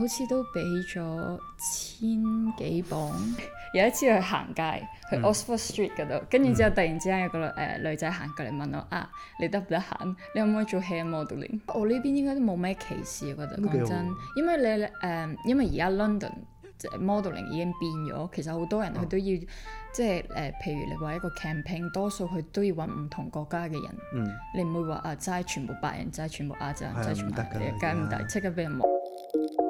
好似都俾咗千幾磅。 有一次去行街，去 Oxford Street 嗰度，跟住、嗯、之後突然之間有個誒女仔行、呃、過嚟問我啊，你得唔得閒？你可唔可以做 hair modeling、嗯、我呢邊應該都冇咩歧視，我覺得講、嗯、真，因為你誒、呃，因為而家 London 即 modeling 已經變咗，其實好多人佢都要、嗯、即誒、呃，譬如你話一個 campaign 多數佢都要揾唔同國家嘅人。嗯、你唔會話啊，齋全部白人，齋全部亞洲人，齋全部、啊，梗唔得。take a b i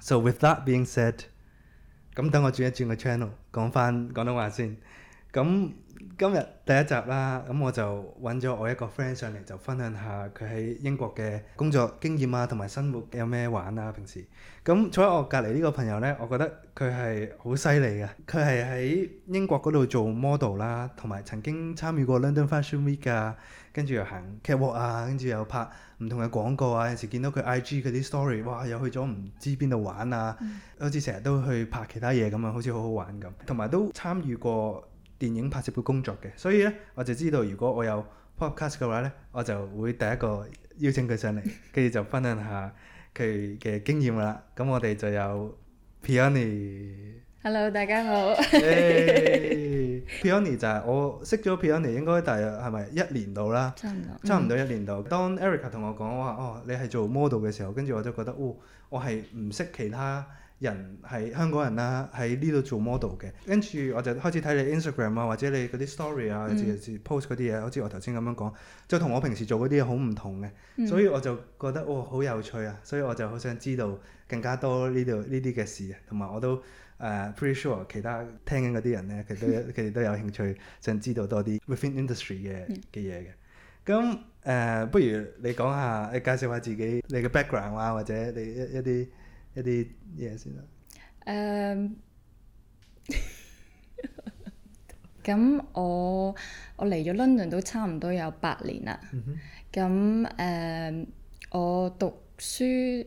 So with that being said，咁等我轉一轉個 channel，講翻廣東話先。咁今日第一集啦，咁我就揾咗我一個 friend 上嚟，就分享下佢喺英國嘅工作經驗啊，同埋生活有咩玩啊，平時咁坐喺我隔離呢個朋友呢，我覺得佢係好犀利嘅。佢係喺英國嗰度做 model 啦，同埋曾經參與過 London Fashion Week 啊。跟住又行 catwalk 啊，跟住又拍唔同嘅廣告啊。有時見到佢 I G 嗰啲 story，哇！又去咗唔知邊度玩啊，嗯、好似成日都去拍其他嘢咁啊，好似好好玩咁。同埋都參與過電影拍攝嘅工作嘅，所以呢，我就知道，如果我有 podcast 嘅話呢，我就會第一個邀請佢上嚟，跟住就分享下佢嘅經驗啦。咁 我哋就有 Peony。Hello，大家好。Hey! Peony 就係我識咗 Peony 應該大約係咪一年度啦？差唔不多，嗯、差唔多一年度。當 Erica 同我講話哦，你係做 model 嘅時候，跟住我就覺得哦，我係唔識其他人係香港人啦、啊，喺呢度做 model 嘅。跟住我就開始睇你 Instagram 啊，或者你嗰啲 story 啊，自自 post 嗰啲嘢，好似、嗯、我頭先咁樣講，就同我平時做嗰啲嘢好唔同嘅，所以我就覺得哦好有趣啊，所以我就好想知道更加多呢度呢啲嘅事同埋我都。誒、uh, pretty sure 其他聽緊嗰啲人咧，佢都佢哋都有興趣想知道多啲 within industry 嘅嘅嘢嘅。咁誒，嗯 uh, 不如你講下，誒介紹下自己你嘅 background 啊，或者你一一啲一啲嘢先啦。誒、um, 嗯，咁我我嚟咗 London 都差唔多有八年啦。咁誒、嗯哼嗯，我讀書。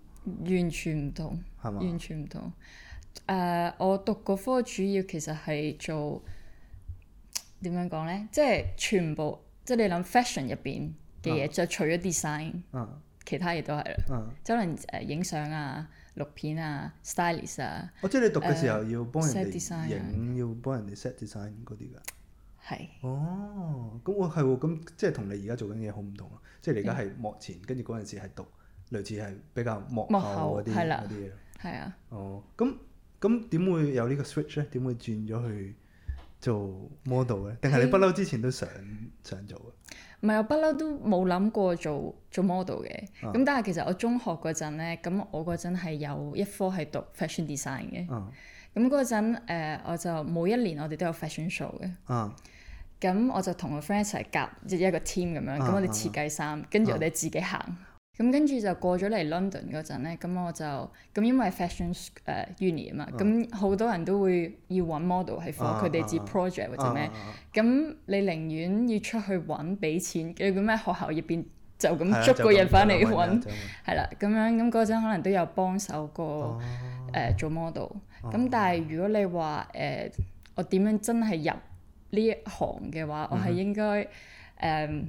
完全唔同，係嘛嗎？完全唔同。誒、uh,，我讀嗰科主要其實係做點樣講咧？即、就、係、是、全部，即、就、係、是、你諗 fashion 入邊嘅嘢，就、啊、除咗 design，、啊、其他嘢都係啦。嗯、啊，可能誒影相啊、錄片啊、stylist 啊。哦，即係你讀嘅時候要幫人哋影，uh, set 要幫人哋 set design 嗰啲㗎。係是。哦，咁我係喎，咁即係同你而家做緊嘢好唔同咯。即係你而家係幕前，跟住嗰陣時係讀。類似係比較幕後嗰啲嗰啲咯，係啊。哦，咁咁點會有呢個 switch 咧？點會轉咗去做 model 咧？定係你不嬲之前都想想做啊？唔係，我不嬲都冇諗過做做 model 嘅。咁但係其實我中學嗰陣咧，咁我嗰陣係有一科係讀 fashion design 嘅。咁嗰陣誒，我就每一年我哋都有 fashion show 嘅。嗯。咁我就同個 friend 一齊夾一一個 team 咁樣，咁我哋設計衫，跟住我哋自己行。咁跟住就過咗嚟 London 嗰陣咧，咁我就咁因為 fashion 誒 y n a r 嘛，咁、hmm. 好多人都會要搵 model 喺課，佢哋接 project 或者咩，咁你寧願要出去搵俾錢佢，咁喺學校入邊就咁捉個人翻嚟搵，係啦、mm，咁樣咁嗰陣可能都有幫手過誒做 model，咁但係如果你話誒我點樣真係入呢一行嘅話，我係應該誒。Hmm. Mm hmm.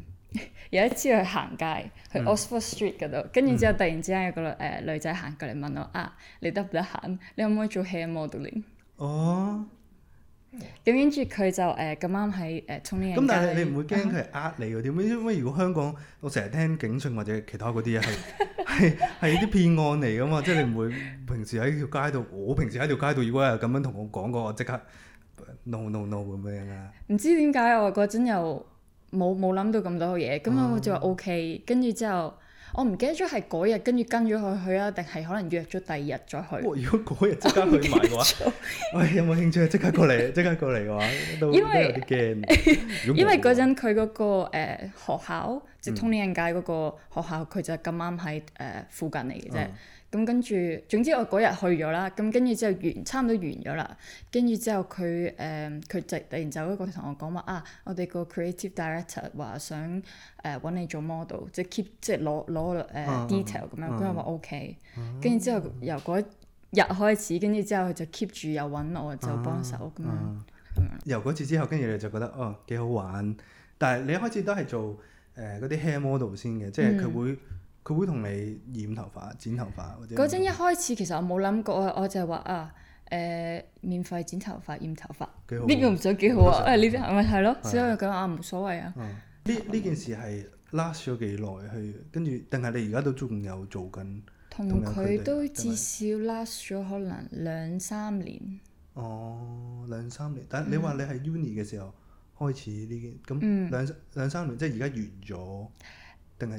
有一次去行街，去 Oxford Street 嗰度，跟住、嗯、之後突然之間有個誒女仔行過嚟問我、嗯、啊，你得唔得閒？你可唔可以做 Hair Modeling？哦，咁跟住佢就誒咁啱喺誒沖涼。咁、呃、但係你唔會驚佢呃你㗎？點解？因為如果香港我成日聽警訊或者其他嗰啲嘢係係啲騙案嚟㗎嘛？ 即係你唔會平時喺條街度，我平時喺條街度，如果係咁樣同我講過，我即刻 no no no 咁樣啊？唔知點解我嗰陣又～冇冇諗到咁多嘢，咁、啊、樣我就話 OK，跟住之後我唔記得咗係嗰日跟住跟咗佢去啊，定係可能約咗第二日再去。如果嗰日即刻去埋嘅話，喂，有冇興趣？即刻過嚟！即刻過嚟嘅話，都為都有啲驚。因為嗰陣佢嗰個誒、呃、學校，即係唐人街嗰個學校，佢、嗯、就咁啱喺誒附近嚟嘅啫。啊。咁跟住，總之我嗰日去咗啦。咁跟住之後完，差唔多完咗啦。跟住之後佢誒，佢、呃、就突然走過嚟同我講話啊，我哋個 creative director 話想誒揾、呃、你做 model，即係 keep 即係攞攞誒 detail 咁樣。佢我話 OK。跟住之後由嗰日開始，跟住之後佢就 keep 住又揾我就幫手咁、啊啊、樣。由嗰次之後，跟住你就覺得哦幾好玩。但係你一開始都係做誒嗰啲 hair model 先嘅，即係佢會。嗯佢會同你染頭髮、剪頭髮，或者嗰陣一開始其實我冇諗過，我就係話啊，誒，免費剪頭髮、染頭髮，呢個唔想幾好啊，誒呢啲咪係咯，只係咁啊，冇所謂啊。呢呢件事係 last 咗幾耐？去跟住定係你而家都仲有做緊？同佢都至少 last 咗可能兩三年。哦，兩三年，但係你話你係 Uni 嘅時候開始呢件，咁兩兩三年即係而家完咗。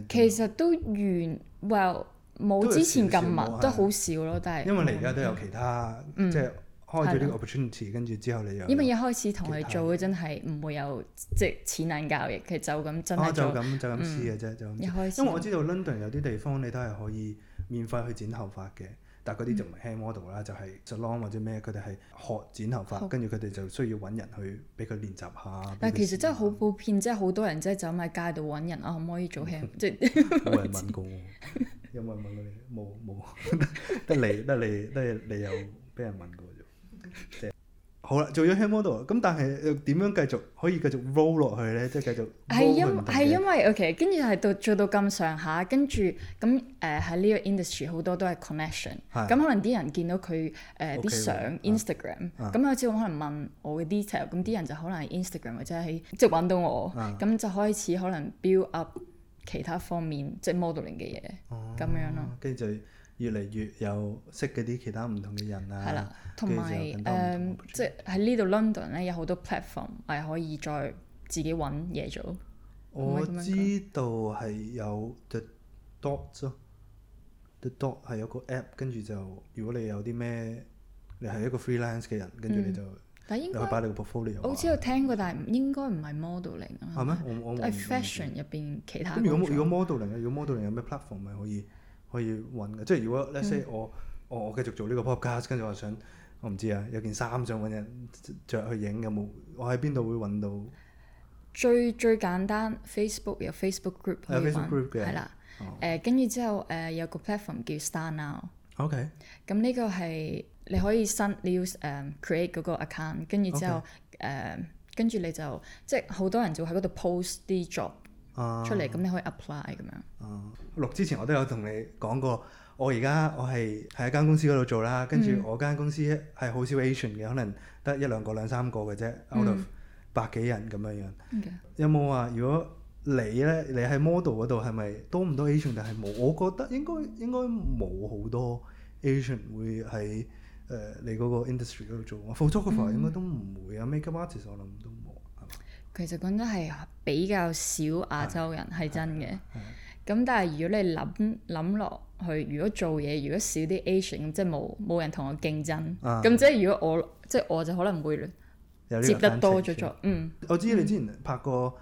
其實都完，well 冇之前咁密，都好少咯，但係因為你而家都有其他，嗯、即係開咗啲 opportunity，跟住之後你又因為一開始同佢做嘅真係唔會有即係錢銀交易，其實就咁就咁，就咁試嘅啫，就一開始，因為我知道 London 有啲地方你都係可以免費去剪頭髮嘅。但嗰啲就 hand model 啦，就係、是、s l o n 或者咩，佢哋係學剪頭髮，跟住佢哋就需要揾人去俾佢練習下。但係其實真係好普遍，即係好多人即係走埋街度揾人 啊，可唔可以做 hand？即係冇人問過我， 有冇人問你？冇冇，得你得你得你有俾人問過啫。 好啦，做咗 hand model，咁但係點樣繼續可以繼續 roll 落去咧？即係繼續。係因係因為，因為 OK，跟住係到做到咁上下，跟住咁誒喺呢個 industry 好多都係 connection，咁的、嗯、可能啲人見到佢誒啲相 Instagram，咁有次我可能問我嘅 detail，咁啲人就可能 Instagram 或者喺即係揾到我，咁就開始可能 build up 其他方面即係、就是、modeling 嘅嘢咁、uh, 樣咯。跟住、uh,。越嚟越有識嗰啲其他唔同嘅人啊！係啦，同埋、啊、誒，呃、通即係喺呢度 London 咧，有好多 platform 係可以再自己揾嘢做。我知道係有 The Dot 咯、啊、，The Dot 係有個 app，跟住就如果你有啲咩，你係一個 freelance 嘅人，跟住、嗯、你就但應你可以擺你個 portfolio。我知道我聽過，但係應該唔係 modeling 啊。係咩？我我冇。fashion 入邊其他。跟、嗯、如果如果 modeling 咧，如果 modeling mod 有咩 platform 咪可以？可以揾嘅，即係如果 let's、嗯、say 我我我繼續做呢個 podcast 跟住我就想我唔知啊，有件衫想揾人着去影，有冇我喺邊度會揾到？最最簡單，Facebook 有 Facebook group 有 Facebook Group 嘅。係啦。誒，跟住之後誒、呃呃、有個 platform 叫 Star Now okay.、嗯。OK。咁呢個係你可以申你要誒 create 嗰個 account，跟住之後誒跟住你就即係好多人就喺嗰度 post 啲 job。出嚟，咁你可以 apply 咁、嗯、樣。嗯、啊，錄之前我都有同你講過，我而家我係喺一間公司嗰度做啦，跟住我間公司係好少 Asian 嘅，可能得一兩個兩三個嘅啫，out of 百幾人咁樣樣。嗯 okay. 有冇話如果你咧，你喺 model 嗰度係咪多唔多 Asian？但係冇，我覺得應該應該冇好多 Asian 會喺誒、呃、你嗰個 industry 嗰度做。photographer 應該都唔會啊、嗯、makeup artist 我諗都。其實講真係比較少亞洲人係真嘅，咁但係如果你諗諗落去，如果做嘢如果少啲 Asian，即係冇冇人同我競爭，咁即係如果我即係我就可能會接得多咗咗。嗯，我知你之前拍過，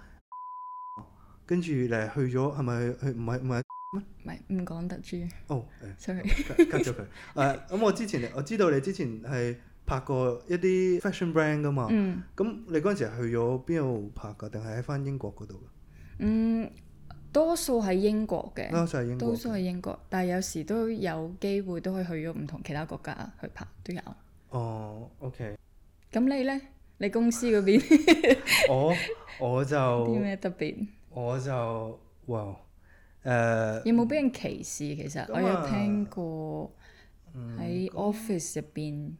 跟住誒去咗係咪去唔係唔係唔係唔講得住。哦，sorry，cut 咗佢。誒咁，我之前我知道你之前係拍過一啲 fashion brand 噶嘛？咁、嗯、你嗰陣時去咗邊度拍噶？定係喺翻英國嗰度？嗯，多數喺英國嘅，多數係英國，多數係英國，但係有時都有機會都可以去咗唔同其他國家去拍都有。哦，OK。咁你咧？你公司嗰邊？ 我我就啲咩特別？我就，我就哇誒！呃、有冇俾人歧視？其實麼我有聽過喺 office 入邊。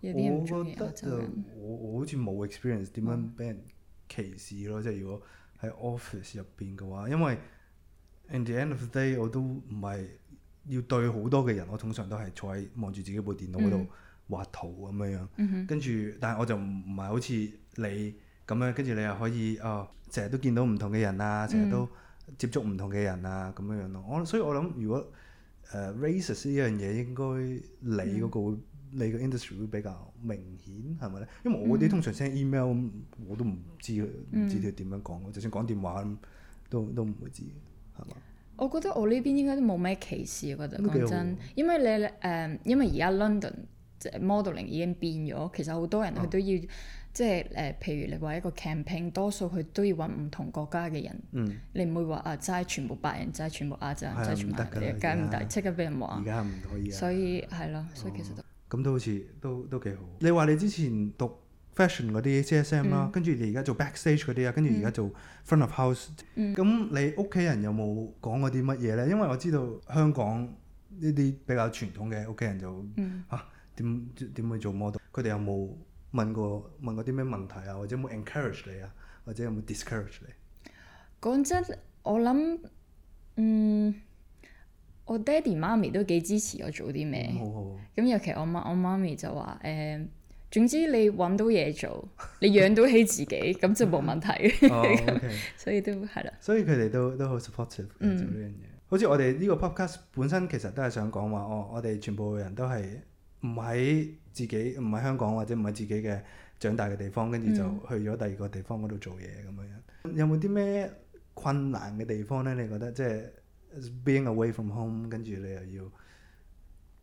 我覺得就我我好似冇 experience 點樣俾人歧視咯，即係如果喺 office 入邊嘅話，因為 in the end of the day 我都唔係要對好多嘅人，我通常都係坐喺望住自己部電腦嗰度畫圖咁樣、嗯、樣，跟住但係我就唔唔係好似你咁樣，跟住你又可以啊，哦、成日都見到唔同嘅人啊，成日都接觸唔同嘅人啊咁樣樣咯。我所以我諗如果誒、呃、racism 呢樣嘢應該你嗰、那個、嗯你個 industry 會比較明顯係咪咧？因為我啲通常 send email，我都唔知，唔知佢點樣講。就算講電話，都都唔會知係嘛？我覺得我呢邊應該都冇咩歧視。我覺得講真，因為你誒，因為而家 London 即 modeling 已經變咗，其實好多人佢都要即誒，譬如你話一個 campaign，多數佢都要揾唔同國家嘅人。你唔會話啊，齋全部白人，齋全部亞洲人，齋全部，理解唔得，即刻俾人話。而家唔可以啊。所以係咯，所以其實咁都好似都都幾好。你話你之前讀 fashion 嗰啲 CSM 啦，跟住你而家做 backstage 嗰啲啊，跟住而家做 front of house、嗯。咁你屋企人有冇講過啲乜嘢咧？因為我知道香港呢啲比較傳統嘅屋企人就啊點點去做 model，佢哋有冇問過問過啲咩問題啊？或者有冇 encourage 你啊？或者有冇 discourage 你？講真，我諗嗯。我爹哋媽咪都幾支持我做啲咩，咁好、嗯、尤其我媽我媽咪就話誒、呃，總之你揾到嘢做，你養到起自己，咁 就冇問題、哦 嗯。所以都係啦，所以佢哋都都好 supportive、嗯、做呢樣嘢。好似我哋呢個 podcast 本身其實都係想講話，哦，我哋全部人都係唔喺自己，唔喺香港或者唔喺自己嘅長大嘅地方，跟住就去咗第二個地方嗰度做嘢咁樣。嗯、有冇啲咩困難嘅地方咧？你覺得即係？Being away from home，跟住你又要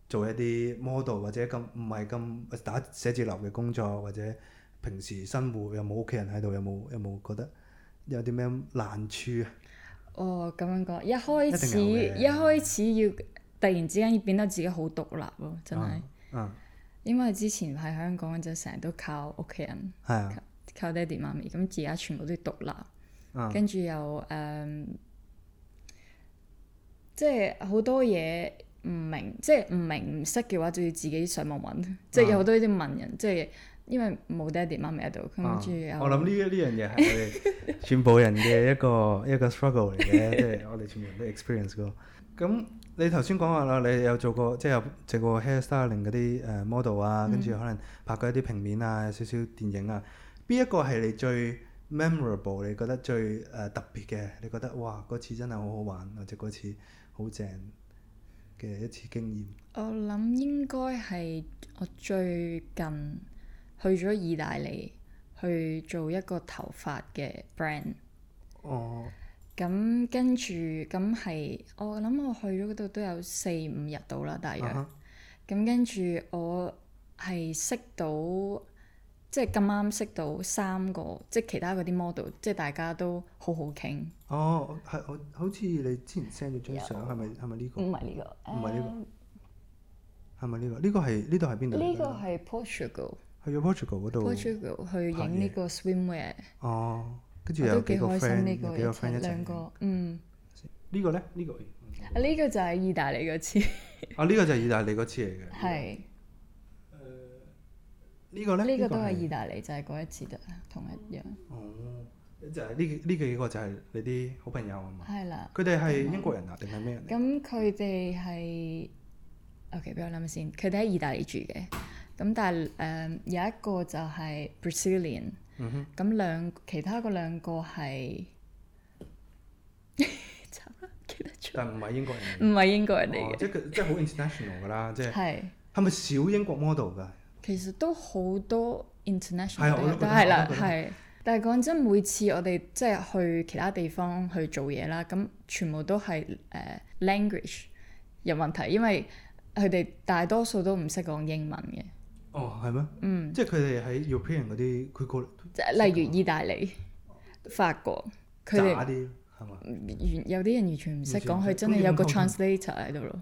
做一啲 model 或者咁唔係咁打寫字樓嘅工作，或者平時生活有冇屋企人喺度？有冇有冇覺得有啲咩難處啊？哦，咁樣講，一開始一,一開始要突然之間要變得自己好獨立咯，真係。嗯嗯、因為之前喺香港就成日都靠屋企人，係啊靠，靠爹哋媽咪。咁而家全部都獨立，跟住、嗯、又誒。Um, 即係好多嘢唔明，即係唔明唔識嘅話，就要自己上網揾。啊、即係有好多啲問人，即係因為冇爹哋媽咪喺度，咁、啊、我諗呢呢樣嘢係我哋全部人嘅一個 一個 struggle 嚟嘅，即係我哋全部人都 experience 過。咁 你頭先講話啦，你有做過即係做過 hair styling 嗰啲誒 model 啊，嗯、跟住可能拍過一啲平面啊，有少少電影啊，邊一個係你最 memorable？你覺得最誒特別嘅？你覺得哇嗰次真係好好玩，或者嗰次？好正嘅一次經驗。我諗應該係我最近去咗意大利去做一個頭髮嘅 brand。哦、oh。咁跟住咁係，我諗我去咗嗰度都有四五日到啦，大約。咁、uh huh。跟住我係識到。即係咁啱識到三個，即係其他嗰啲 model，即係大家都好好傾。哦，係，好似你之前 send 咗張相，係咪係咪呢個？唔係呢個，唔係呢個，係咪呢個？呢個係呢度係邊度？呢個係 Portugal，喺 Portugal 嗰度。Portugal 去影呢個 swimwear。哦，跟住有幾個 friend，幾個 friend 一兩個，嗯。個呢個咧，呢個。呢個，嗯，啊呢個就係意大利嗰次。啊，呢個就係意大利嗰次嚟嘅。係。 個呢個咧，呢個都係意大利，就係嗰一次同一樣。哦，就係呢呢幾個就係你啲好朋友啊嘛。係啦了，佢哋係英國人啊，定係咩人、啊？咁佢哋係，OK，俾我諗先。佢哋喺意大利住嘅，咁但係誒、嗯、有一個就係 Brazilian、嗯哼。咁兩其他嗰兩個係， 但唔係英國人。唔係英國人嚟嘅，即係好 international 㗎啦，即係。 係。係咪小英國 model 㗎？其實都好多 international 嘅，但係啦，係。但係講真，每次我哋即係去其他地方去做嘢啦，咁全部都係誒 language 有問題，因為佢哋大多數都唔識講英文嘅。哦，係咩？嗯。即係佢哋喺 European 嗰啲，即係例如意大利、法國，佢哋，渣啲係嘛？完有啲人完全唔識講，佢真係有個 translator 喺度咯。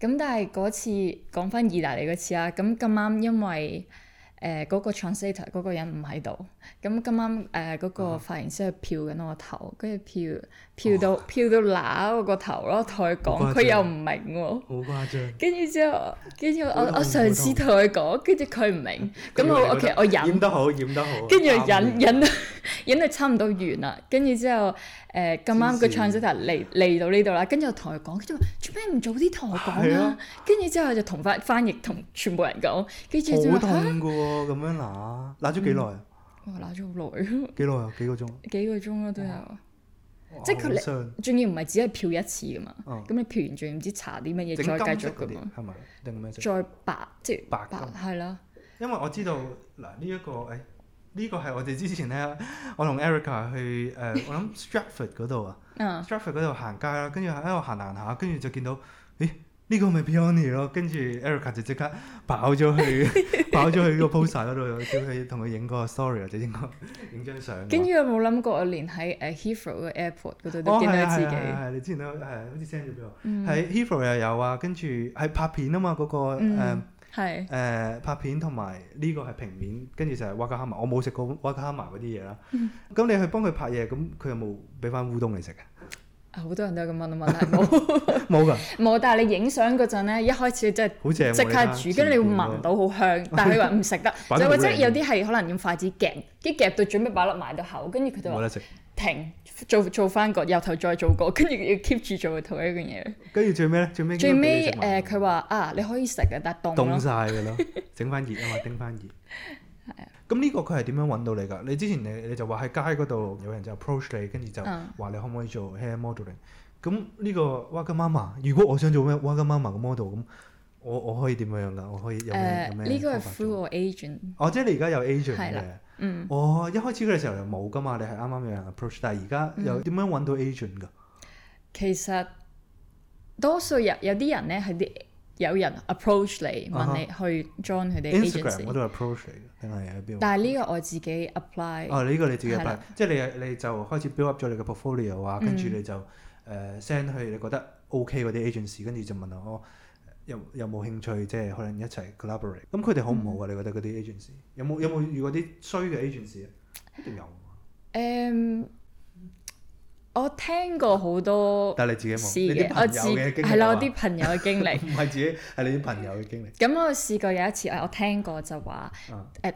咁、嗯、但係嗰次講返意大利嗰次啦，咁咁啱因為誒嗰、呃那個 translator 嗰個人唔喺度。咁今晚誒嗰個髮型師係漂緊我頭，跟住漂漂到漂到瘌我個頭咯。同佢講，佢又唔明喎。好誇張。跟住之後，跟住我我嘗試同佢講，跟住佢唔明。我，我其實我忍。忍得好，忍得好。跟住忍忍到差唔多完啦。跟住之後，誒咁啱個 creative 嚟嚟到呢度啦。跟住我同佢講，佢就話：做咩唔早啲同我講啊？跟住之後就同翻翻譯同全部人講。好痛噶喎！咁樣瘌瘌咗幾耐啊？哇拉咗好耐，幾耐啊？幾個鐘？幾個鐘啊都有，哇即係佢仲要唔係只係漂一次噶嘛？咁、嗯、你漂完仲唔知搽啲乜嘢再繼續噶嘛？係咪定咩？再白即係白，白金係啦。因為我知道嗱，呢一、呢個誒，呢、哎呢個係我哋之前咧，我同 Erica 去誒、呃，我諗 Stratford 嗰度啊、 嗯、Stratford 嗰度行街啦，跟住喺度行行下，跟住就見到咦？呢個咪 Peony 咯，跟住 Erica 就即刻跑咗去，跑咗 去個 poster 嗰度，叫佢同佢影個 story 或者應該影張相。跟住有冇諗過我連喺誒 Heathrow 個 airport 嗰度都、哦、都見到自己？哦，你之前都係好似 send 咗俾我。喺 Heathrow 又有啊，跟住係拍片啊嘛，嗰、那個誒誒、嗯呃、拍片同埋呢個係平面，跟住就係 Wagamama 我冇食過 Wagamama 嗰啲嘢啦。咁、嗯、你去幫佢拍嘢，咁、嗯、佢有冇俾翻烏冬嚟食嘅？好多人都係咁問啊嘛，冇冇噶冇。但係 的你影相嗰陣咧，一開始即係好正即刻煮，跟住、啊、你會聞到好香， 但係佢話唔食得，就 或者有啲係可能用筷子夾，啲夾到準備擺落埋到口，跟住佢就話停，做做翻個，由頭再做過，跟住要 keep 住做同一樣嘢。跟住最尾咧，最尾最尾誒，佢、呃、話啊，你可以食嘅，但係凍咯，凍曬㗎咯，整翻熱啊嘛，叮翻熱，係啊。 咁呢個佢係點樣揾到你噶？你之前你你就話喺街嗰度有人就 approach 你，跟住就話你可唔可以做 hair modeling 咁呢、嗯這個ワゴ m a 如果我想做咩ワゴ m a 嘅 model，咁我媽媽 model, 我，我可以點樣噶？我可以有咩？誒、呃，呢個係 through agent。哦，即係你而家有 agent 嘅，嗯、哦，一開始嘅時候又冇噶嘛，你係啱啱有人 approach，但係而家又點樣揾到 agent 噶、嗯？其實多數有有啲人咧係啲。有人 approach 你問你去 join 佢哋 Instagram 我都 approach 嚟嘅，定係喺邊？但係呢個我自己 apply。哦，呢、呢個你自己 apply，了即係你你就開始 build up 咗你嘅 portfolio 啊，跟住你就誒、嗯呃、send 去你覺得 OK 嗰啲 agency，跟住就問我、哦、有有冇興趣，即係可能一齊 collaborate。咁佢哋好唔好啊？嗯、你覺得嗰啲 agency 有冇有冇遇過啲衰嘅 agency、嗯、啊？一定有。誒。我聽過好多，但係你自己冇，你啲朋友嘅經歷係啦，我啲朋友嘅經歷唔係 自己，係你啲朋友嘅經歷。咁我試過有一次，我聽過就話，誒、啊、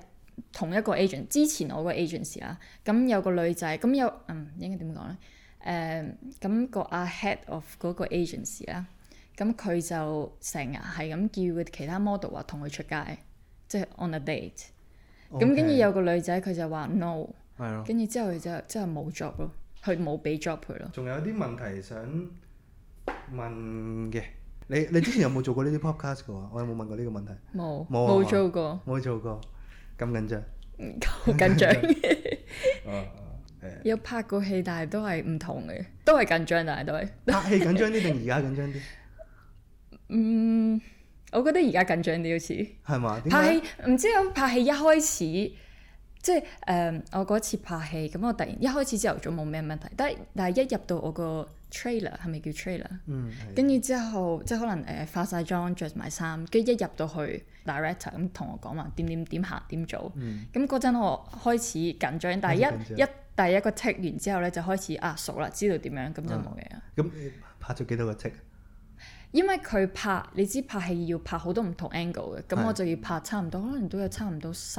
同一個 agent 之前我個 agency 啦，咁有個女仔，咁有嗯應該點講咧？誒、uh, 咁個阿 head of 嗰個 agency 啦，咁佢就成日係咁叫佢其他 model 話同佢出街，即、就、係、是、on a date。咁跟住有個女仔，佢就話 no，跟住了之後就真係冇做咯。佢冇俾 job 佢咯。仲有啲問題想問嘅，你你之前有冇做過呢啲 podcast 嘅話，我有冇問過呢個問題？冇冇冇做過。冇做過咁緊張，好緊張。有拍過戲，但係都係唔同嘅，都係緊張，但係都係拍戲緊張啲定而家緊張啲？嗯，我覺得而家緊張啲好似係嘛？拍戲唔知有拍戲一開始。即係誒、嗯，我嗰次拍戲，咁、嗯、我突然一開始之後仲冇咩問題，但係但係一入到我個 trailer 係咪叫 trailer？嗯，跟住之後即係可能誒、呃，化晒妝着埋衫，跟住一入到去 director 咁同我講嘛，點點點行點做，咁嗰陣我開始緊張，但係一張一第一個 take 完之後咧就開始啊，熟啦，知道點樣咁就冇嘢啦。咁、嗯嗯嗯、拍咗幾多個 take？因為佢拍，你知拍戲要拍好多唔同 angle 嘅，咁我就要拍差唔多，可能都有差唔多十。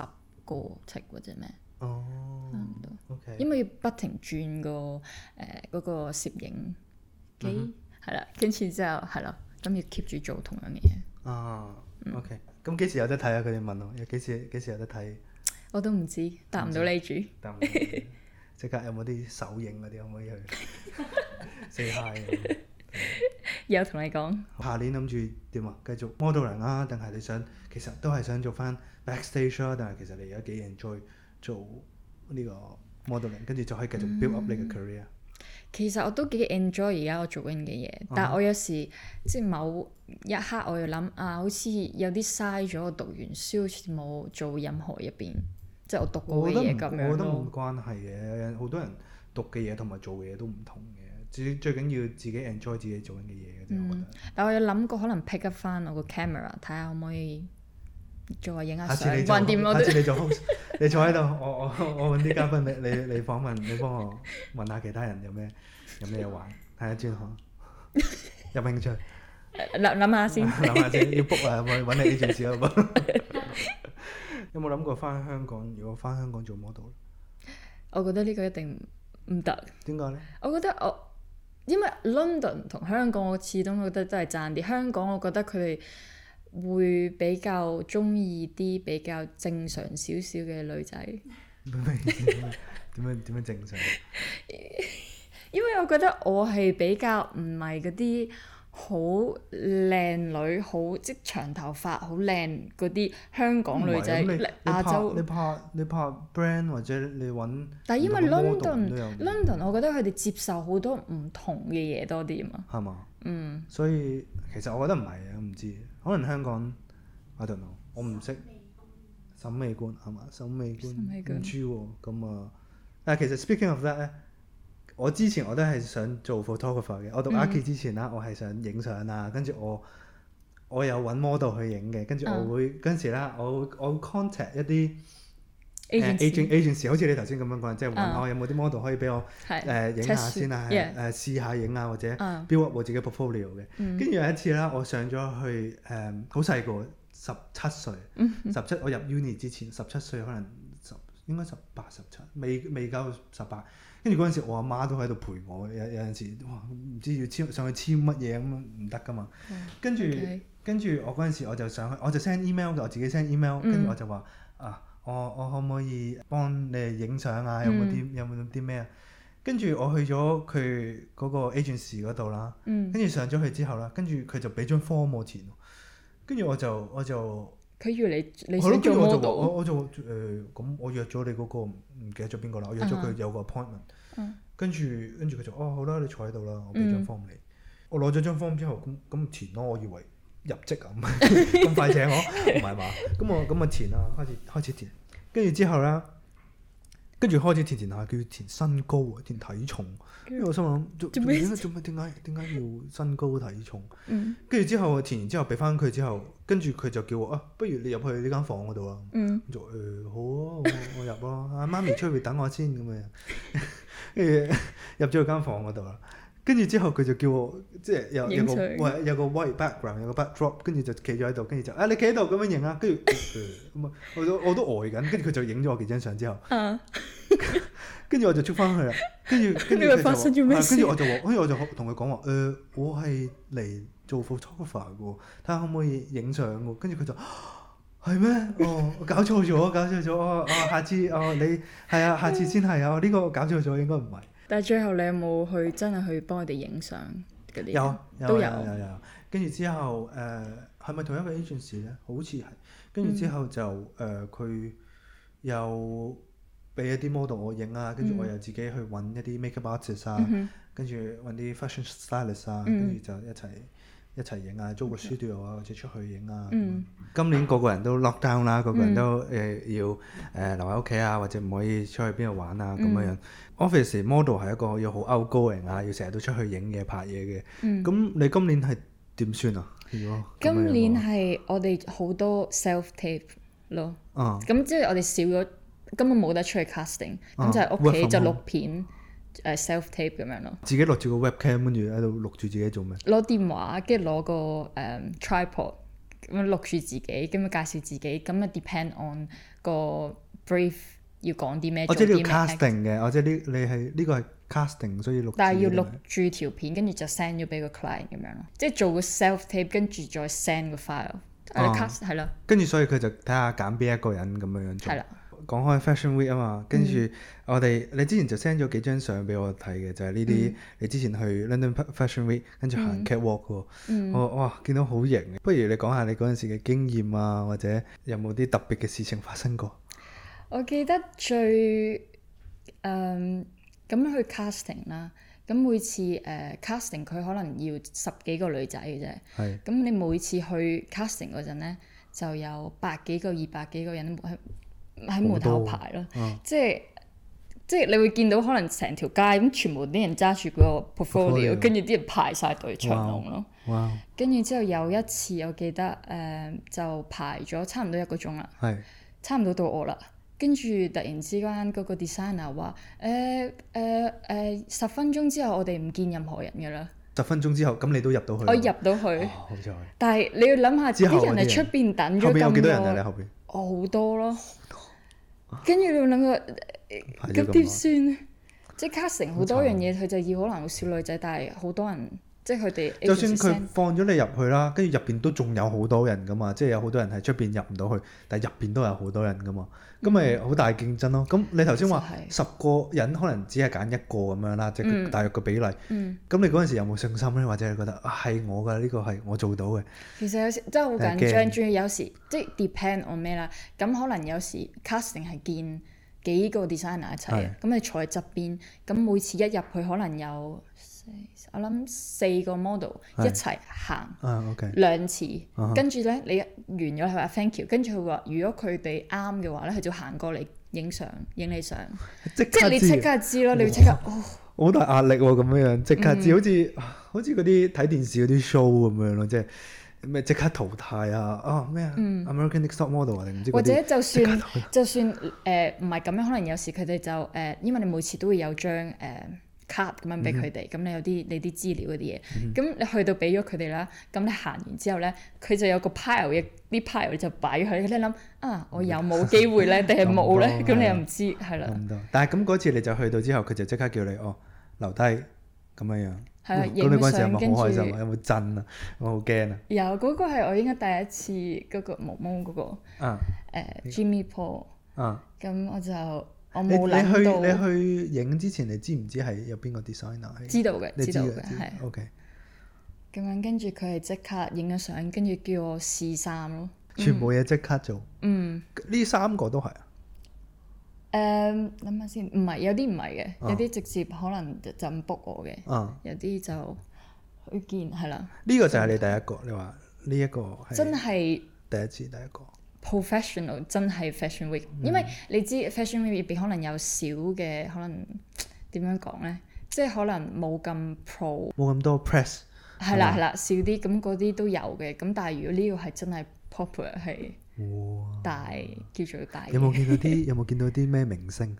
過程或者咩？哦、oh，答唔到。因為要不停轉個誒嗰、呃那個攝影機，係啦、mm，跟住之後係啦，咁要 keep 住做同樣嘢。啊、oh，OK，咁幾、嗯、時有得睇啊？佢哋問我，有幾時？幾時有得睇？我都唔知，答唔到你住答唔到你，即 刻有冇啲首映嗰啲可唔可以去？四嗨！有同你講，下年諗住點啊？繼續 modeling 啦，定係你想？其實都係想做翻 backstage，但係其實你而家幾 enjoy 做呢個 modeling，跟住就可以繼續 build up 你嘅、嗯、your career。其實我都幾 enjoy 而家我做緊嘅嘢，嗯、但係我有時即係某一刻我又諗啊，好似有啲嘥咗。我讀完書好似冇做任何一邊，即係我讀過嘅嘢咁樣咯。我覺得冇關係嘅，好多人讀嘅嘢同埋做嘅嘢都唔同。最最緊要自己 enjoy 自己做緊嘅嘢嘅啫，我覺得。但係我有諗過可能 pick up 翻我個 camera 睇下可唔可以再影下相。下次你做，下次你做 host，你坐喺度，我我我揾啲嘉賓，你你你訪問，你幫我問下其他人有咩有咩玩，睇下轉行入名場。諗諗下先，諗下先要 book 啊！我揾你呢件事啊！有冇諗過翻香港？如果翻香港做 model，我覺得呢個一定唔得。點解咧？我覺得我。因為 London 同香港，我始終覺得真係爭啲。香港我覺得佢哋會比較中意啲比較正常少少嘅女仔。點樣點樣正常？ 因為我覺得我係比較唔係嗰啲。好靚女，好即長頭髮，好靚嗰啲香港女仔，嗯、亞洲。你怕你怕 brand 或者你揾？但因為 London，London 我覺得佢哋接受好多唔同嘅嘢多啲啊嘛。係嘛？嗯。所以其實我覺得唔係啊，我唔知可能香港 I don't know，我唔識審美觀係嘛？審美觀唔知喎，咁啊但其實 Speaking of that。我之前我都係想做 photographer 嘅，我讀 archi 之前啦，我係想影相啊，跟住我我有揾 model 去影嘅，跟住我會、嗯、跟住啦，我我 contact 一啲 agency agency 好似你頭先咁樣講，即係問我、嗯、有冇啲 model 可以俾我誒影、呃、下先啊，誒試、yeah. 下影啊，或者 build up 我自己 portfolio 嘅、嗯。跟住有一次啦，我上咗去誒好細個，十七歲，十七我入 uni 之前，十七歲可能十應該十八十七，未未夠十八。跟住嗰陣時，我阿媽都喺度陪我。有有陣時，哇，唔知要簽上去簽乜嘢咁樣，唔得噶嘛。跟住 Okay. 跟住，我嗰陣時我就上去，我就 send email，我自己 send email、嗯。跟住我就話啊，我我可唔可以幫你影相啊？有冇啲有冇啲咩啊？跟住我去咗佢嗰個 agency 嗰度啦。嗯、跟住上咗去之後啦，跟住佢就俾張 form 我填。跟住我就我就。我就我就佢要你，你先叫 model。跟住我就我我就誒咁、呃，我約咗你嗰、那個唔記得咗邊個啦，我約咗佢有個 appointment、uh。跟住跟住佢就哦好啦，你坐喺度啦，我俾張 form 你張。嗯、我攞咗張 form 之後，咁咁填咯。我以為入職咁咁快正我，唔係嘛？咁我咁啊填啊，開始開始填。跟住之後啦。跟住開始填填下，叫填身高啊，填體重。因為我心諗做咩做咩點解點解要身高體重？跟住、嗯、之後啊，填完之後俾翻佢之後，跟住佢就叫我啊，不如你入去呢間房嗰度啦。就誒、嗯欸、好我我啊，我入啊。」阿媽咪出去等我先咁啊。跟住入咗去間房嗰度啦。跟住之後佢就叫我，即係有照有個 white 有個 white background 有個 backdrop，跟住就企咗喺度，跟住就啊你企喺度咁樣影啊，跟住、啊，咁啊、呃、我都我都呆、呃、緊，跟住佢就影咗我幾張相之後，跟住、啊、 我就出翻去啦，跟住跟住就，跟住我就話，跟、呃、住我就同佢講話，誒我係嚟做 photographer 嘅，睇下可唔可以影相嘅，跟住佢就係咩、啊？哦搞錯咗，搞錯咗，哦，哦下次哦你係啊下次先係啊呢 個搞錯咗應該唔係。但係最後你有冇去真係去幫佢哋影相嗰啲啊？有,有,有,有，有，有，有。跟住之後，誒係咪同一個 agency 咧？好似係。跟住、嗯、之後就誒，佢又俾一啲 model 我影啊，跟住我又自己去揾一啲 makeup artist 啊，跟住揾啲 fashion stylist 啊，跟住、嗯、就一齊。一齊影啊！租個 studio 啊，或者出去影啊、嗯！今年個個人都 lock down 啦，個、嗯、個人都誒、呃、要誒、呃、留喺屋企啊，或者唔可以出去邊度玩啊咁樣樣。嗯、Office model 係一個要好 outgoing 啊，要成日都出去影嘢拍嘢嘅。咁、嗯、你今年係點算啊？今年係我哋好多 self tape 咯，咁即係我哋少咗根本冇得出去 casting，咁就喺屋企就錄片、嗯。嗯。誒 self tape 咁樣咯，自己錄住個 webcam，跟住喺度錄住自己做咩？攞電話，跟住攞個誒、um, tripod 咁樣錄住自己，咁樣介紹自己，咁啊 depend on 個 brief 要講啲咩？我知呢個 casting 嘅，或者呢你係呢個係 casting，所以錄。但係要錄住條片，跟住就 send 咗俾個 client 咁樣咯，即係做個 self tape，跟住再 send 個 file，cast 係啦。跟住後的所以佢就睇下揀邊一個人咁樣樣做。係啦。講開 fashion week 啊嘛，跟住我哋、嗯、你之前就 send 咗幾張相俾我睇嘅，就係呢啲你之前去 London fashion week 跟住行 catwalk 嘅，嗯、我哇見到好型。不如你講下你嗰陣時嘅經驗啊，或者有冇啲特別嘅事情發生過？我記得最嗯咁去 casting 啦，咁每次誒、uh, casting 佢可能要十幾個女仔嘅啫，咁是你每次去 casting 嗰陣咧，就有百幾個、二百幾個人。都冇。喺門口排咯、啊，即係即係你會見到可能成條街咁，全部啲人揸住嗰個 portfolio，跟住啲人排晒隊長龍咯。哇！跟住之後有一次，我記得誒、呃、就排咗差唔多一個鐘啦，係是差唔多到我啦。跟住突然之間嗰個 designer 話：誒誒誒，十分鐘之後我哋唔見任何人㗎喇。十分鐘之後，咁你都入到去？我入到去。哦、好彩！但係你要諗下，啲、啊、人喺出邊等咗咁多。後面幾多人等、啊、喺你後邊？好多咯。跟住你會諗過咁點算？即 casting 好多樣嘢，佢 就要可能少女仔，但係好多人。即係佢哋，就算佢放咗你入去啦，跟住入邊都仲有好多人噶嘛，即係有好多人喺出邊入唔到去，但係入邊都有好多人噶嘛，咁咪好大競爭咯。咁你頭先話十個人可能只係揀一個咁樣啦，即係大約個比例。咁你嗰陣時有冇信心咧？或者你覺得係我㗎，呢個係我做到嘅？其實有時真係好緊張，主要有時即係 depend on 咩啦？咁可能有時 casting 係見幾個 designer 一齊，咁你坐喺側邊，咁每次一入去可能有。我諗四個 model 一齊行，兩次，跟住咧你完咗佢話 thank you，跟住佢話如果佢哋啱嘅話咧，佢就行過嚟影相，影你相，即係你即刻知咯，你會即刻哦，好大壓力喎，咁樣樣即刻知，好似好似嗰啲睇電視嗰啲 show 咁樣咯，即係咩即刻淘汰啊，啊咩啊，American Next Top Model 定唔知或者就算就算誒唔係咁樣，可能有時佢哋就誒，因為你每次都會有張誒。卡咁樣俾佢哋，咁你有啲你啲資料嗰啲嘢，咁你、嗯嗯、去到俾咗佢哋啦，咁你行完之後咧，佢就有個 pile 嘅啲 pile 就擺喺，佢。你諗啊，我有冇機會咧，定係冇咧？咁、嗯、你又唔知係啦、嗯嗯。但係咁嗰次你就去到之後，佢就即刻叫你哦留低咁樣樣。係咪？咁你嗰陣時有冇好開心，有冇震啊？我好驚啊！有嗰個係我應該第一次嗰個毛毛嗰個啊，誒 Jimmy Paul 啊，咁我就。嗯我冇諗到，你去你去影之前，你知唔知係有邊個 designer？知道嘅，你知道嘅，係。O K，咁樣跟住佢係即刻影咗相，跟住叫我試衫咯。全部嘢即刻做。嗯，呢三個都係。誒、呃，諗下先，唔係有啲唔係嘅，有啲直接可能就咁 book 我嘅。啊、有啲就去見係啦。呢、啊、個就係你第一個，你話呢一個真係第一次第一個。professional 真係 fashion week，因為你知 fashion week 入邊可能有少嘅，可能點樣講咧？即係可能冇咁 pro，冇咁多 press。係啦，係啦，少啲咁嗰啲都有嘅。咁但係如果呢個係真係 popular 係大叫做大，有冇見到啲有冇見到啲咩明星？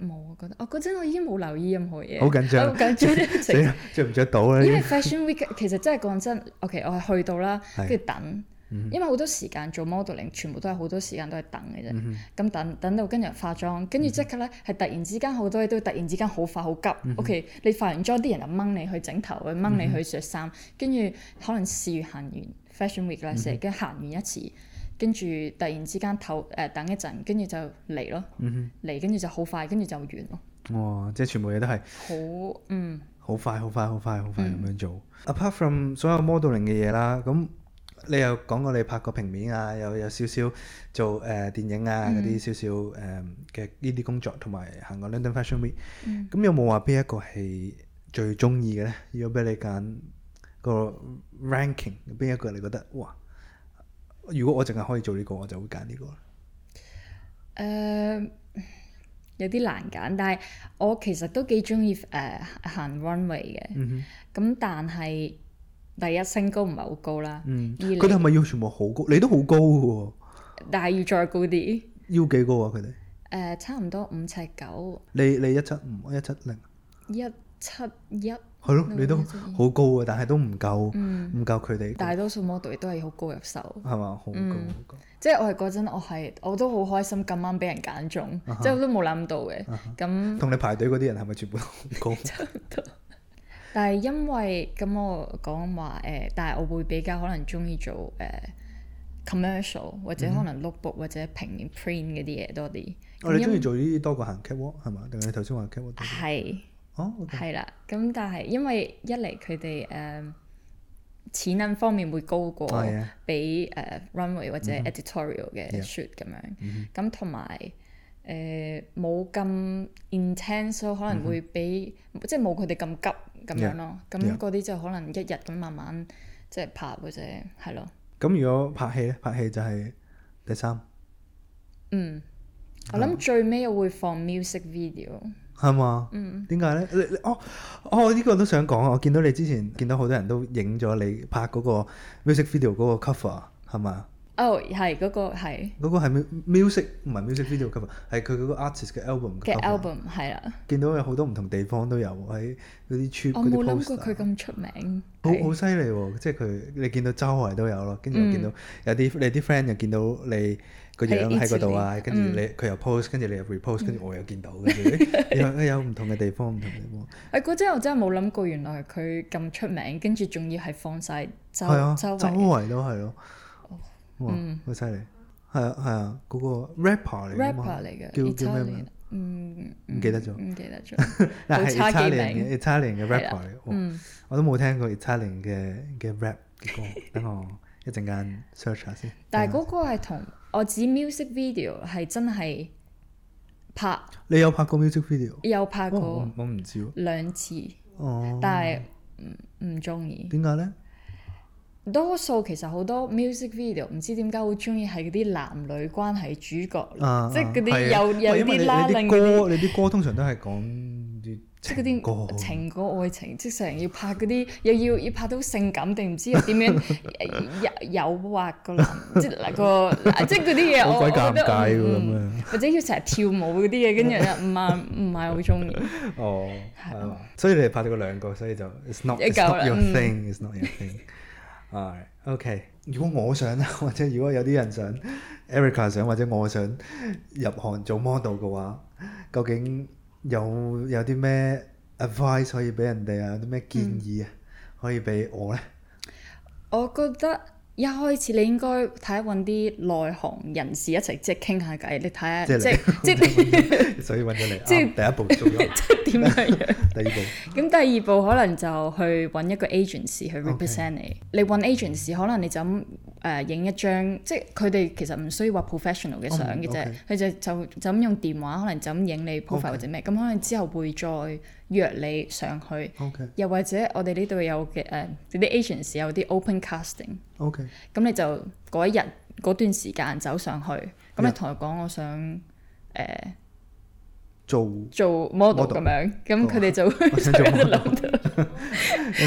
冇啊！我覺得，嗰陣我已經冇留意任何嘢，好緊張，好緊張，着唔着到咧？因為 fashion week 其實真係講真，OK 我係去到啦，跟住等。因為好多時間做 modeling，全部都係好多時間都係等嘅啫。咁、嗯、哼等等到跟住化妝，跟住即刻咧係突然之間好多嘢都突然之間好快好急。嗯、哼 O.K. 你化完妝啲人就掹你去整頭，去掹你去着衫，跟住、嗯、哼可能試完行完 fashion week 啦，成日跟行完一次，跟住突然之間唞誒等一陣，跟住就嚟咯。嚟跟住就好快，跟住就完咯。哇、哦！即係全部嘢都係好嗯，好快好快好快好快咁樣做。Apart from、嗯、所有 modeling 嘅嘢啦，咁。你又講過你拍過平面啊，又有少少做誒電影啊嗰啲少少誒嘅呢啲工作，同埋行過 London Fashion Week。咁有冇話邊一個係最中意嘅咧？如果俾你揀個 ranking，邊一個你覺得哇？如果我淨係可以做呢個，我就會揀呢個。誒，有啲難揀，但係我其實都幾中意誒行 Runway 嘅。咁但係。第一身高唔係好高啦，佢哋係咪要全部好高？你都好高㗎喎，但係要再高啲。要幾高啊？佢哋誒差唔多五尺九。你你一七五一七零一七一，係咯，你都好高嘅，但係都唔夠唔夠佢哋。大多數 model 亦都係好高入手，係嘛？好高，即係我係嗰陣，我係我都好開心咁啱俾人揀中，即係我都冇諗到嘅。咁同你排隊嗰啲人係咪全部都好高？差唔多。但係因為咁、嗯、我講話誒，但係我會比較可能中意做誒、呃、commercial 或者可能 lookbook 或者平面 print 嗰啲嘢多啲。哦，你中意做呢啲多過行 cat walk 係嘛？定係你頭先話 cat walk 係。哦。係啦，咁但係因為一嚟佢哋誒錢銀方面會高過比誒、啊 yeah. 呃、runway 或者 editorial 嘅、嗯、哼 shoot 咁樣，咁同埋。誒冇咁 intense，所以可能會比、嗯、即係冇佢哋咁急咁樣咯。咁嗰啲就可能一日咁慢慢即係拍嘅啫，係咯。咁如果拍戲咧，拍戲就係第三。嗯，嗯我諗最尾又會放 music video 係嘛？吧嗯，點解咧？你你我呢、哦哦呢個都想講啊！我見到你之前見到好多人都影咗你拍嗰個 music video 嗰個 cover 係嘛？哦，係嗰個係嗰個係 music，唔係 music video 級嘛，係佢嗰個 artist 嘅 album 嘅 album 係啦。見到有好多唔同地方都有喺嗰啲出嗰啲 pose。我冇諗過佢咁出名，好好犀利喎！即係佢你見到周圍都有咯，跟住又見到有啲你啲 friend 又見到你個樣喺嗰度啊，跟住你佢又 post，跟住你又 repost，跟住我又見到嘅，有有唔同嘅地方唔同嘅地方。誒嗰陣我真係冇諗過，原來佢咁出名，跟住仲要係放曬周周圍。周圍都係咯。嗯，好犀利，係啊係啊，嗰個 rapper 嚟嘅，rapper 嚟嘅，叫叫咩名？嗯，唔記得咗，唔記得咗。但係 Italian 嘅 rapper，嗯，我都冇聽過 Italian 嘅嘅 rap 嘅歌，等我一陣間 search 下先。但係嗰個係同我指 music video 係真係拍。你有拍過 music video？有拍過，我我唔知喎。兩次，哦，但係唔唔中意。點解咧？多數，其實好多 music video 唔知點解好中意係嗰啲男女關係主角，即係嗰啲有有啲拉令歌，你啲歌通常都係講啲即係嗰啲情歌愛情，即係成日要拍嗰啲又要要拍到性感定唔知又點樣誘誘惑個男即係嗱個，即係嗰啲嘢我覺得尷尬，嗯，或者要成日跳舞嗰啲嘢，跟住又唔係唔係好中意。哦，係嘛，所以你哋拍咗個兩個，所以就 It's not It's not your thing, It's not your thing。係 Alright，OK。如果我想，或者如果有啲人想，Erica 想，或者我想入行做 model 嘅話，究竟有有啲咩 advice 可以俾人哋啊？有啲咩建議啊，可以俾我咧？我覺得。一開始你應該睇下揾啲內行人士一齊即係傾下偈，看看你睇下即即 所以揾咗你。即、啊、第一步做咗，即點樣樣？ 第二步咁第二步可能就去揾一個 agency 去 represent Okay. 你。你揾 agency 可能你就咁誒影一張，即係佢哋其實唔需要話 professional 嘅相嘅啫，佢、oh, okay. 就就就咁用電話可能就咁影你 profile 或者咩，咁 Okay. 可能之後會再。約你上去，又或者我哋呢度有嘅誒啲 agents 有啲 open casting，咁你就嗰一日嗰段時間走上去，咁你同佢講我想誒做做 model 咁樣，咁佢哋就我想做 model，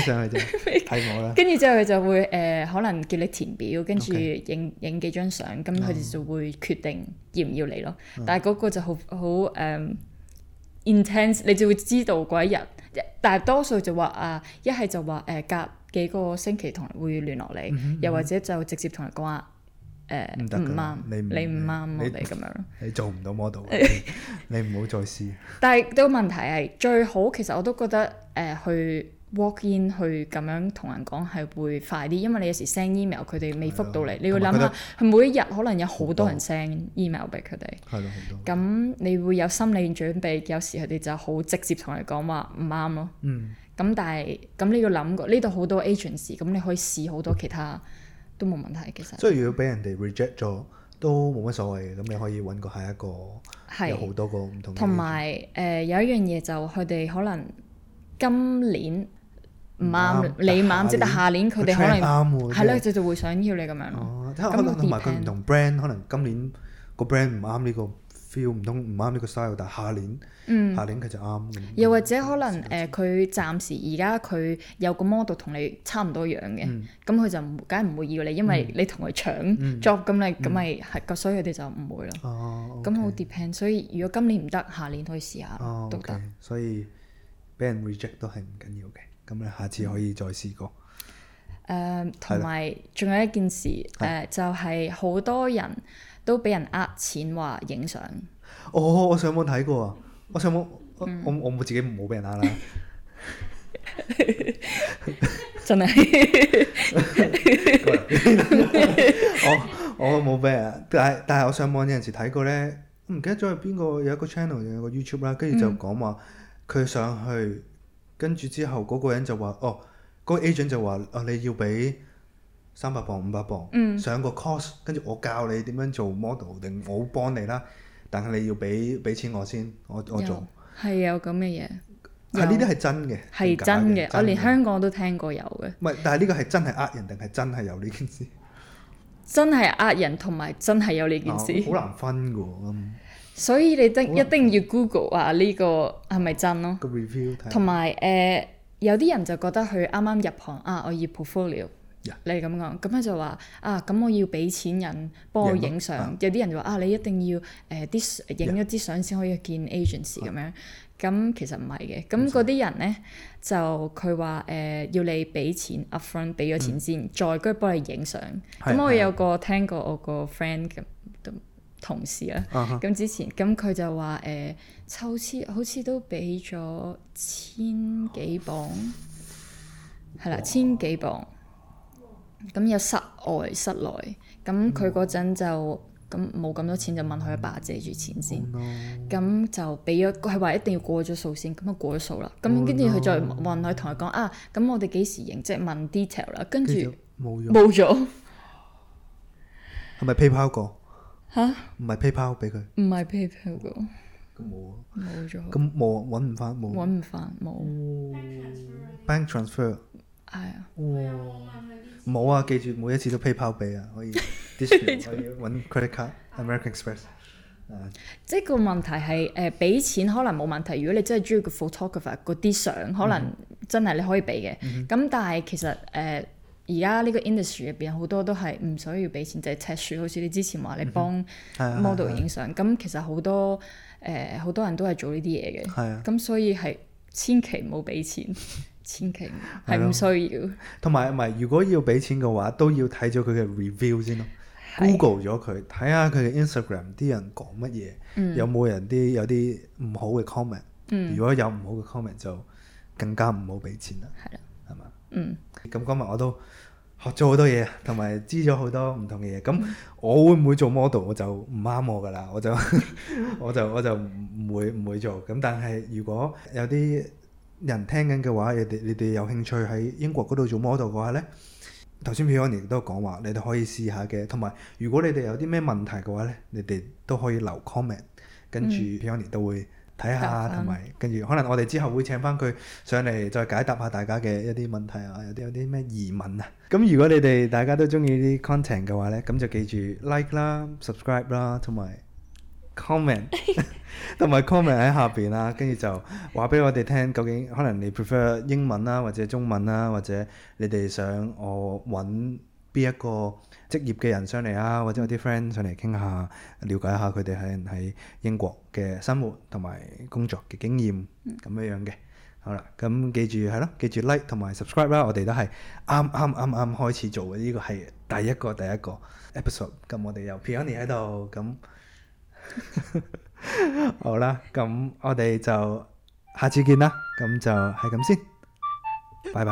上去睇我啦。跟住之後佢就會誒可能叫你填表，跟住影影幾張相，咁佢哋就會決定要唔要你咯。但係嗰個就好好誒。Intense 你就會知道嗰一日，大多數就話啊，一係就話誒、呃，隔幾個星期同人會聯絡你，嗯嗯、又或者就直接同人講話誒，唔得啱，對你唔啱我哋咁樣。你做唔到 model， 你唔好再試。 但係個問題係最好，其實我都覺得誒、呃、去。Walk in 去咁樣同人講係會快啲，因為你有時 send email 佢哋未復到嚟，的你要諗下，係每一日可能有好多人 send email 俾佢哋。係咯，咁你會有心理準備，有時佢哋就好直接同你講話唔啱咯。嗯。咁但係，咁你要諗過呢度好多 agency，咁你可以試好多其他都冇問題。其實。即係如果俾人哋 reject 咗，都冇乜所謂嘅，咁你可以揾個下一個，的有好多個唔同。同埋誒有一樣嘢就佢哋可能今年。唔啱，你唔啱，即但下年佢哋可能係咯，就就會想要你咁樣。哦，同埋佢唔同 brand 可能今年個 brand 唔啱呢個 feel，唔通唔啱呢個 style，但係下年下年佢就啱。又或者可能誒，佢暫時而家佢有個 model 同你差唔多樣嘅，咁佢就唔，梗係唔會要你，因為你同佢搶作咁你，咁咪係，所以佢哋就唔會咯。哦，咁好 depend，所以如果今年唔得，下年可以試下都得。所以俾人 reject 都係唔緊要嘅。咁你下次可以再試過。誒、嗯，同埋仲有一件事，誒就係、是、好多人都俾人呃錢話影相。我我上網睇過啊，我上網我上網、嗯、我冇自己冇俾人呃啦，真係 是 。我我冇俾人，但但係我上網有陣時睇過咧，唔記得咗係邊個有一個 channel 有一個 YouTube 啦，跟住就講話佢想去。跟住之後，嗰個人就話：哦，嗰、嗰個 agent 就話：啊、哦，你要俾三百磅、五百磅、嗯、上個 course，跟住我教你點樣做 model，定我幫你啦。但係你要俾俾錢我先，我我有做。係有咁嘅嘢，但係呢啲係真嘅，係有真嘅。真的我連香港都聽過有嘅。唔係，但係呢個係真係呃人定係真係有呢件事？真係呃人同埋真係有呢件事，好難分噶。所以你了一定要 Google 啊呢、呢個係咪真咯？同埋誒有啲、呃、人就覺得佢啱啱入行啊，我要 portfolio，Yeah. 你咁講，咁樣就話啊，咁我要俾錢人幫我影相。Yeah. 有啲人就話啊，你一定要誒啲影咗啲相先可以見 agents 咁 Yeah. 樣。咁其實唔係嘅，咁嗰啲人咧就佢話誒要你俾錢 upfront，俾咗錢先，再跟住幫你影相。咁、嗯、我有個聽過我個 friend 嘅。同事啊，咁、嗯、之前咁佢、嗯、就話，誒、呃，抽籤好似都俾咗千幾磅，係唉 啦，千幾磅。咁有室外、室內，咁佢嗰陣就咁冇咁多錢就問佢阿爸，爸借住錢先。咁、嗯哦 no 嗯、就俾咗，佢話一定要過咗數先。咁啊過咗數啦。咁跟住佢再問佢，同佢講啊，咁我哋幾時贏？即係問 detail 啦。跟住冇咗，冇咗了。係咪 Paypal 過？吓？唔係 PayPal 俾佢？唔係 PayPal 嘅。咁冇啊！冇咗。咁冇揾唔翻冇。揾唔翻冇。Bank transfer。係啊。冇啊！記住每一次都 PayPal 俾啊，可以。可以揾 credit card，American Express。即係個問題係誒，俾錢可能冇問題。如果你真係中意個 photographer 嗰啲相，可能真係你可以俾嘅。咁但係其實誒。而家呢個 industry 入邊好多都係唔需要俾錢，就係、是、赤鼠。好似你之前話你幫 model 影相，咁、嗯啊啊、其實好多誒好、呃、多人都係做呢啲嘢嘅。係啊，咁所以係千祈唔好俾錢， 千祈係唔需要。同埋唔係，如果要俾錢嘅話，都要睇咗佢嘅 review 先咯。啊、Google 咗佢，睇下佢嘅 Instagram 啲人講乜嘢，有冇人啲有啲唔好嘅 comment？、嗯、如果有唔好嘅 comment，就更加唔好俾錢啦。係啦吧，係嘛？嗯，咁今日我都，學咗好多嘢，同埋知咗好多唔同嘅嘢。咁我會唔會做 model，我就唔啱我㗎啦，我就我就我就唔會唔會做。咁但係如果有啲人聽緊嘅話，你哋你哋有興趣喺英國嗰度做 model 嘅話呢，頭先 Peony 都講話，你哋可以試下嘅。同埋如果你哋有啲咩問題嘅話呢，你哋都可以留 comment，跟住 Peony 都會。睇下，同埋跟住，可能我哋之後會請翻佢上嚟，再解答下大家嘅一啲問題啊，有啲有啲咩疑問啊。咁如果你哋大家都中意啲 content 嘅話呢，咁就記住 like 啦、subscribe 啦，同埋 comment，同埋 comment 喺下邊啦、啊，跟住就話俾我哋聽，究竟可能你 prefer 英文啦、啊，或者中文啦、啊，或者你哋想我揾邊一個職業嘅人上嚟啊？或者我啲 friend 上嚟傾下，瞭解下佢哋喺喺英國嘅生活同埋工作嘅經驗咁樣樣嘅。好啦，咁記住係咯，記住 like 同埋 subscribe 啦。我哋都係啱啱啱啱開始做嘅，呢個係第一個第一個 episode。咁我哋有 Peony 喺度，咁好啦。咁我哋就下次見啦。咁就係咁先，拜拜。